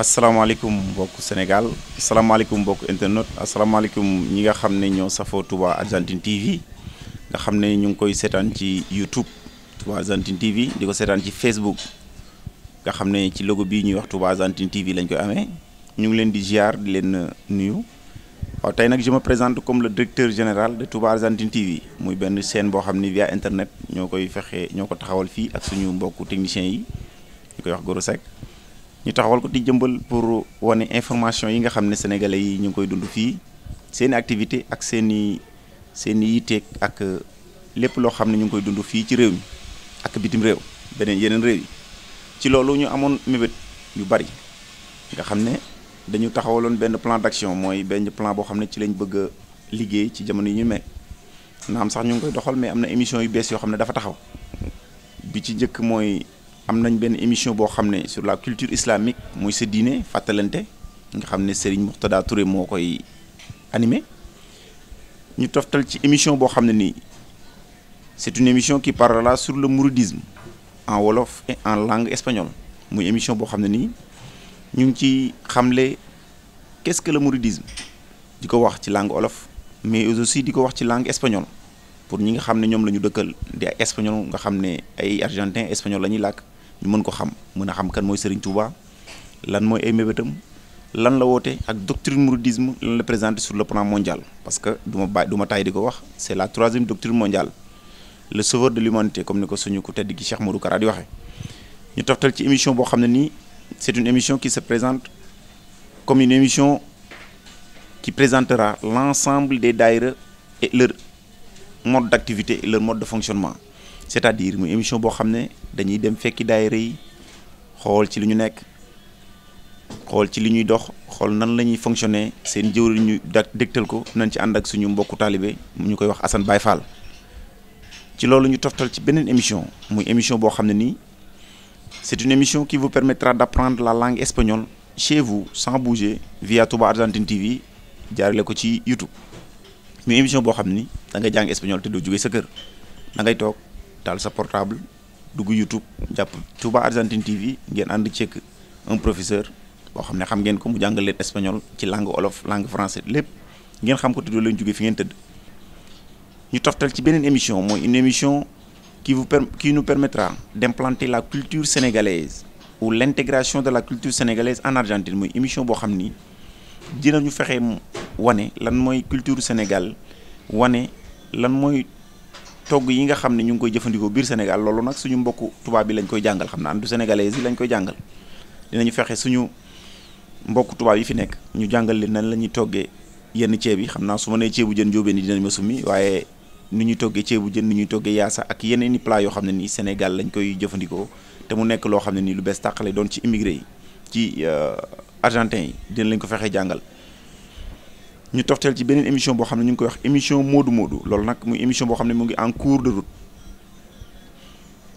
asalaamaaleykum mbokk Sénégal asalaamaaleykum mbokk internet asalaamaaleykum ñi nga xam ne ñoo safoo Touba Argentine TV nga xam ne ñu ngi koy seetaan ci YouTube Touba Argentine TV di ko seetaan ci Facebook nga xam ne ci logo bii ñuy wax tubaa Argentine TV lañ koy amee ñu ngi leen di ziar di leen nuyu waaw tey nag je me présente comme le directeur général de Touba Argentine TV muy benn chaîne boo xam ni via internet ñoo koy fexe ñoo ko taxawal fii ak suñu mbokku techniciens yi ñu koy wax Goro Seck ñu taxawal ko di jëmbal pour wane information yi nga xam ne sénégalais yi ñu ngi koy dundu fii seen i activité ak seen i seen i yiteeg ak lépp loo xam ne ñu ngi koy dund fii ci réew mi ak bitim réew beneen yeneen réew yi ci loolu ñu amoon mébét yu bari nga xam ne dañu taxawaloon benn plan d'action mooy benn plan boo xam ne ci lañ bëgg liggéey ci jamono yi ñu nekk naam sax ñu ngi koy doxal mais am na émission yu bees yoo xam ne dafa taxaw bi ci njëkk mooy am nañ benn émission boo xam ne sur la culture islamique mooy sa diine fàttalante nga xam ne Serigne Mourtada Touré moo koy animé ñu toftal ci émission boo xam ne nii c'est une émission par la sur le mouridisme en wolof et en langue espagnole muy émission boo xam ne nii ñu ngi ci xamle qu'est-ce que le di ko wax ci langue wolof mais aussi di ko wax ci langue espagnole pour ñi nga xam ne ñoom la ñu dëkkal di ay espagnol nga xam ne ay argentin espagnol la ñuy làkk ñu mën ko xam mën a xam kan mooy Serigne Touba lan mooy ay mébétam lan la woote ak doctrine mouridisme lan la présenté sur le plan mondial parce que du ma bàyyi ma taay di ko wax c'est la troisième doctrine mondiale le sauveur de l'humanité comme ni ko suñu ku tedd gi Cheikh Modou Kara di waxee ñu toftal ci émission boo xam ne nii c'est une émission qui se présente comme une émission qui présentera l'ensemble des daïra et leur mode d'activité et leur mode de fonctionnement c'est-à-dire muy émission boo xam ne dañuy dem fekki daay yi xool ci li ñu nekk xool ci li ñuy dox xool nan la ñuy fonctionner seen jëwriñ ñu da dégtal ko nañ ci ànd ak suñu mbokku taalibe ñu koy wax assan bay Fall ci loolu ñu toftal ci beneen émission muy émission boo xam ne nii c'est une émission qui vous permettra d'apprendre la langue espagnole chez vous sans bouger via Touba Argentine TV jaarale ko ci YouTube muy émission boo xam ni da ngay jàng espagnol te doo jóge sa kër da ngay toog. taal sa portable dugg YouTube jàpp Touba Argentine TV ngeen ànd ceeg un professeur boo xam ne xam ngeen ko mu jàngal leen espagnol ci langue olof langue français lépp ngeen xam ko te doo leen fi ngeen tëdd. ñu toftal ci beneen émission mooy une émission qui vous per qui nous d'implanter la culture sénégalaise ou l'intégration de la culture sénégalaise en Argentine mooy émission boo xam ni ñu fexe wane lan mooy culture Sénégal wane lan mooy. togg yi nga xam ne ñu ngi koy jëfandikoo biir Sénégal loolu nag suñu mbokku tubaab bi lañ koy jàngal xam naa du sénégalais yi lañ koy jàngal dinañu fexe suñu mbokku tubaab yi fi nekk ñu jàngal leen nan la ñuy toggee yenn ceeb yi xam naa su ma nee ceebu jën njóobeen yi dinañ ma summi waaye nu ñuy toggee ceebu jën nu ñuy toggee yaasa ak yeneen i plat yoo xam ne nii Sénégal lañ koy jëfandikoo te mu nekk loo xam ne nii lu bees tàqale doon ci immigré yi ci euh, argentin yi dina lañ ko fexe jàngal ñu tofteel ci beneen émission boo xam ne ñu ngi koy wax émission Modou Modou loolu nag muy émission boo xam ne mu ngi en cours de route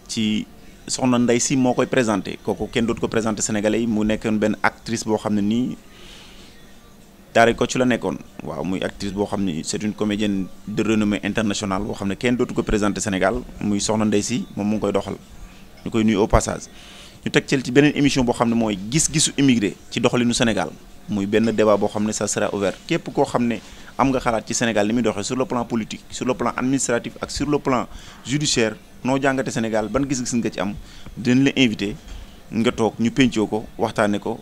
ci soxna Ndey si moo koy présenté kooku kenn dootu ko présenté sénégalais yi mu benn actrice boo xam ne nii daare ko ci la nekkoon waaw muy actrice boo xam ne c'est une comédienne de renommée internationale boo xam ne kenn dootu ko présenté Sénégal muy soxna Ndey si moom mu ngi koy doxal ñu koy nuyu au passage ñu teg ci beneen émission boo xam ne mooy gis-gisu immigré ci doxalinu Sénégal muy benn débat boo xam ne sa sera ouvert képp koo xam ne am nga xalaat ci Sénégal ni muy doxee sur le plan politique sur le plan administratif ak sur le plan judiciaire noo jàngate Sénégal ban gis-gis nga ci am dinañ la invité nga toog ñu pencoo ko waxtaane ko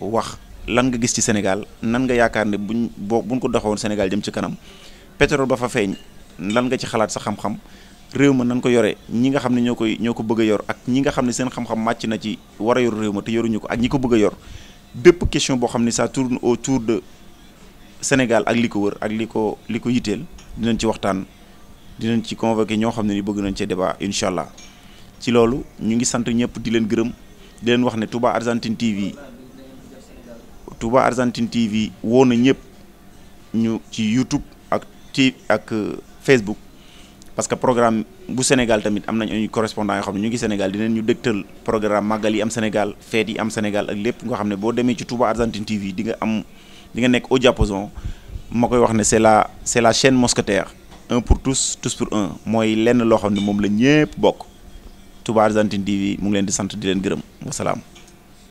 wax lan nga gis ci Sénégal nan nga yaakaar ne buñ boo buñ ko doxewoon Sénégal jëm ci kanam pétrole ba fa feeñ lan nga ci xalaat sa xam-xam réew ma nan ko yore ñi nga xam ne ñoo koy ñoo ko bëgg a yor ak ñi nga xam ne seen xam-xam màcc na ci war a yor réew ma te yoruñu ko ak ñi ko bëgg a yor bépp question boo xam ne ça tourne autour de Sénégal ak li ko wër ak li ko li ko yitteel dinañ ci waxtaan dinañ ci convoqué ñoo xam ne ni bëgg nañ cee débat incha allah ci loolu ñu ngi sant ñëpp di leen gërëm di leen wax ne Touba Argentine TV Touba Argentine TV woo na ñëpp ñu ci YouTube ak ci ak euh, Facebook. parce que programme bu Sénégal tamit am nañ ay correspondant yoo xam ne ñu ngi Sénégal dinañ ñu dëgtal programme màggal yi am Sénégal fête yi am Sénégal ak lépp nga xam ne boo demee ci Touba Argentine TV di nga am di nga nekk au diapason moo koy wax ne c'est la c'est la chaîne mousquetaire un pour tous tous pour un mooy lenn loo xam ne moom la ñépp bokk Touba Argentine TV mu ngi leen di sant di leen gërëm wasalaam.